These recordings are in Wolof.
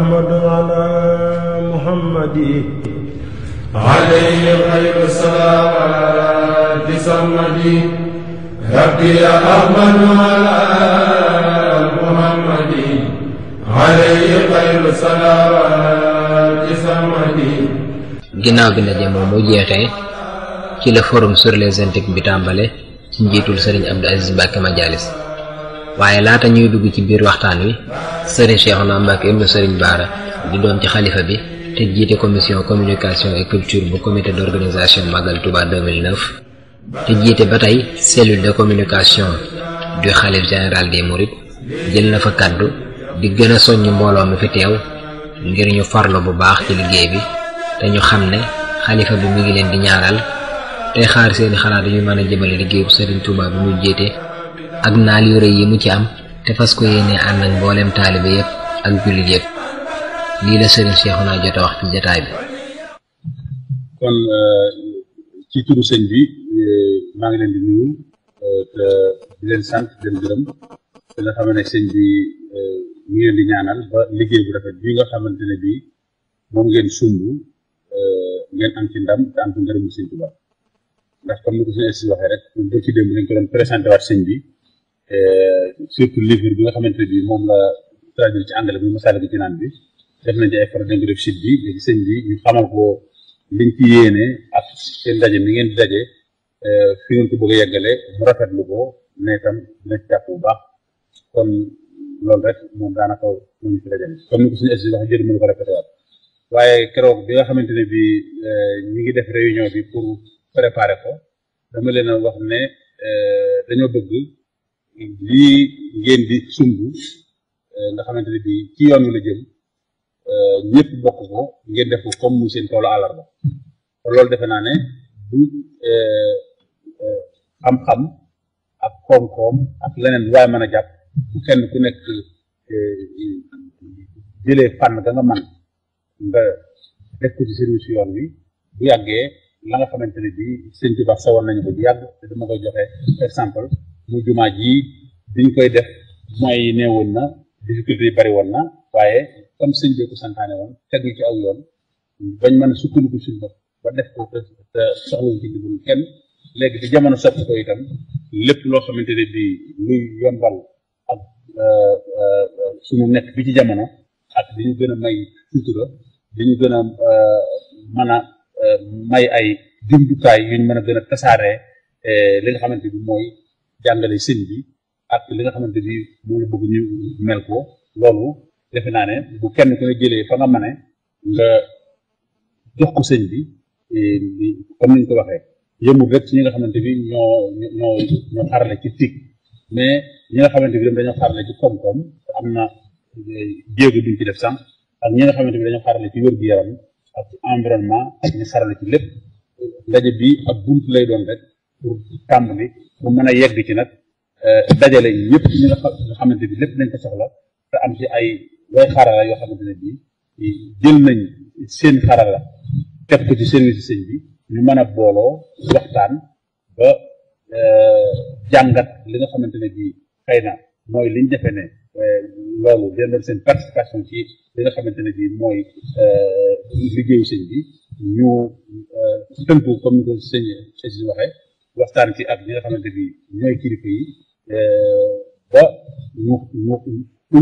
أحمد على محمد عليه خير الصلاة بسمدي ربي يا أحمد على محمد عليه خير الصلاة بسمدي ginnaaw bi ndaje moom mu jeexee ci la forum sur les intègres bi tàmbale ci njiitul sëriñ Abdou Aziz Mbacke Madialis waaye laata ñuy dugg ci biir waxtaan wi sëriñ Cheikhouna Mbacké ibnu sëriñ Baara di doon ci xalifa bi te jiite commission communication et culture bu comité d'organisation Magal Touba 2009 te jiite ba tey cellule de communication du xalif général des Mourides jël na fa kàddu di gën a soññ mbooloo mi fi teew ngir ñu farlo bu baax ci liggéey bi te ñu xam ne xalifa bi mu ngi leen di ñaaral tey xaar seeni xalaat yu mën a jëmale liggéey bu sëriñ Touba bi mu jiite ak naal yu rëy yi mu ci am te fas ko yene and ak mboolem talibe yeb ak jullit yëpp lii la serigne Seexuna jot a wax ci jotaay bi. kon ci turu serigne bi ma ngi len di nuyu te di len sant di leen gërëm te la xamane serigne bi ñu len di ñaanal ba liggey bu rafet bi nga xamantene bi bii ngeen sumb ngeen am ci ndam te am ci ngërëmu sëñ Tuubaa ndax comme ko serigne ci waxe rek ba ci dem lañ ko doon présenté wat serigne bi. Euh, surtout livre bi nga xamante bi moom la traduire ci anglais bi masala bi jinaan bi def nañ ci ay faral def site bi léegi sëñ bi ñu xamal ko liñ ci yéene ak seen daje mi ngeen di daje euh, fi ngeen ko bëgg a yeggale mu rafetlu ko ne itam dina ci jàpp bu baax kon loolu rek moom daanaka mu ñu fi daje comme ni ko suñu esti wax jëri mënu ko répété waat waaye keroog bi nga xamante ne bi euh, ñi ngi def réunion bi pour préparer ko dama leen wax ne dañoo bëgg lii ngeen di sumb eh, nga xamante ne bii ci yoon wi la jëm eh, ñëpp bokk ko ngeen def ko comme mu seen toolu àllarba te loolu defe naa ne bu eh, xam-xam ak koom-koom ak leneen waaye mën a jàpp bu kenn ku nekk jëlee fànn ga nga man nga def ko ci service yoon wi bu yàggee la nga xamante ne bii sëñ Tuubaa sawoon nañu ko bu yàgg te dama koy joxe exemple mu jumaa ji biñ koy def moyens yi na difficulté yi woon na waaye comme sëñ bi ko santaane teg ci aw yoon bañ mën a sukkandiku suñu bopp ba def ko te soxlawuñ ci jamono sopp ko loo xamante ne bii luy yombal ak euh, euh, bi ci jamono ak di ñu gën a may sutura gën a euh, mën a may ay jumtukaay yuñ mën a gën a tasaare li xamante bi mooy jàngale sëñ bi ak li nga xamante bi moom la bëgg ñu mel ko loolu defe naa ne bu kenn ku ne jëlee fa nga mane nga jox ko sëñ bi eh, comme ni ñu ko waxee yëmul rek ci ñi nga xamante bi ñoo ñoo xarale ci tig mais ñi nga xamante bi dañoo xarale ci koom am na eh, jéego duñ ci def sànq ak ñi nga xamante dañoo xarale ci wér-gu-yaram ak environnement ak ñu xarale ci lépp ndaje bi ak bunt lay doon rek pour tàmbali mu mën a yegg ci nag euh, dajale ñëpp nga xamante bi lépp nañ ko soxla te am ci ay way xarala yoo xamante ne bii jël nañ seen xarala teg ko ci service sëñ bi ñu mën a booloo waxtaan ba euh, jàngat li nga xamante ne bii xëy na mooy liñ defe ne euh, loolu dina doon seen participation ci li nga xamante ne bii mooy liggéeyu sëñ bi ñu tënku comme ni ko sëñ si waxee waxtaan ci ak ñi nga xamante bi ñooy kilifa yi eh, ba ñu ñu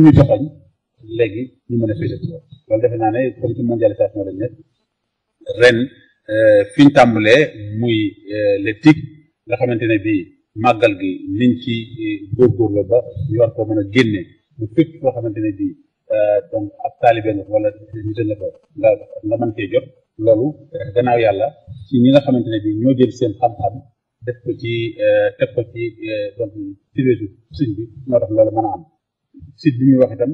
ñu joxoñ léegi ñu mën a féete ci defe naa ne comme ci mondialisation lañ nekk ren eh, fi ñu tàmbalee muy eh, le TIC nga xamante ne bii màggal gi niñ ci góorgóorlu ba ñu war koo mën a génne bu fépp foo xamante ne bii donc ak taalibe nga wala nite nga fa nga nga mën cee jot loolu gannaaw yàlla ci ñi nga xamante ne bii ñoo jël seen xam-xam def ko ci eh, teg ko ci eh, donc ci réseau sëñ bi moo tax loolu mën a am site bi ñuy wax itam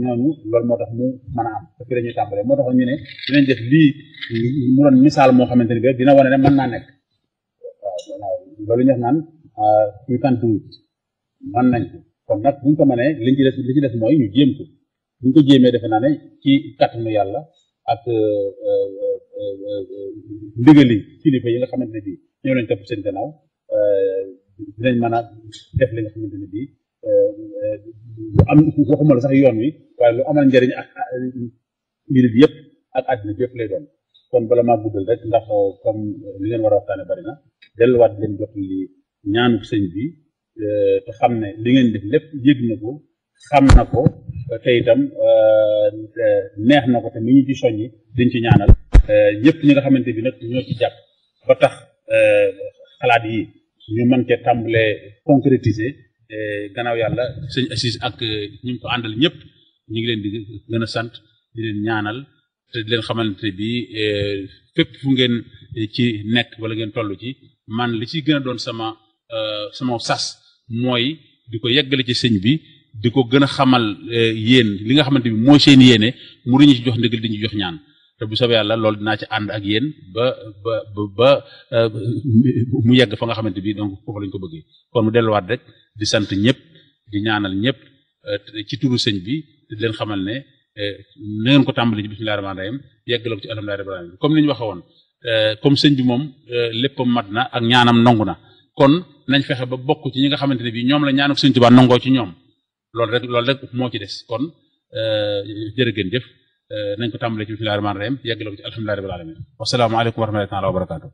ñooñu loolu moo tax mu mën a am parce que dañuy tàmbalee moo tax ñu ne dinañ def lii mu doon misaal moo xamante ni bi dina wane ne mën naa nekk waaw loolu ñu naan you ah, can nañ ko kon nag buñ ko mënee liñ ci des li ci des mooy ñu jéem ko buñ ko jéemee defe naa ne ci kattanu yàlla ak eh, ndigali kilifa yi nga xamante ne ñoo leen topp seen gannaaw euh, dinañ mën a def li nga xamante ne bii lu euh, am waxuma la yoon wi waaye lu amal ak mbir yëpp ak àddina bi kon bala maa guddal rek li ngeen war a waxtaane bari na delluwaat leen jot li ñaanu sëñ bi euh, te xam ne li ngeen def lépp yëg na ko xam na ko na ko te mu ñu ci soññi ci ñaanal ñoo ci jàpp ba tax Euh, xalaat yi ñu mën cee tàmbalee concrétiser euh, gannaaw yàlla sëñ Assis ak euh, ñi ko àndal ñëpp ñu ngi leen di gën a sant di leen ñaanal te di leen xamante bi fépp fu ngeen ci nekk wala ngeen toll ci man li ci gën a doon sama sama sas mooy di ko yeggale ci sëñ bi di ko gën a xamal yéen li nga xamante bi mooy seen yéene mu duñu ci jox ndigal di ñu jox ñaan te bu soobee yàlla loolu dinaa ci ànd ak yéen ba ba ba euh, mu yegg fa nga xamante bi donc foofu lañ ko bëggee kon mu delluwaat rek di sant ñëpp di ñaanal ñëpp euh, ci turu sëñ bi di leen xamal ne euh, na ngeen ko tàmbali ci bismillaahi rahmaani rahiim yeggaloo ko ci alhamdulillaahi rabbil comme ni ñu waxee woon comme sëñ bi moom léppam mat na ak ñaanam nangu na kon nañ fexe ba bokk ci ñi nga xamante ne bi ñoom la ñaanuk sëñ Tuubaa nangoo ci ñoom lool rek loolu moo ci des kon jërë ngeen jëf نانكو تامل في الحمد لله رب العالمين والسلام عليكم ورحمه الله وبركاته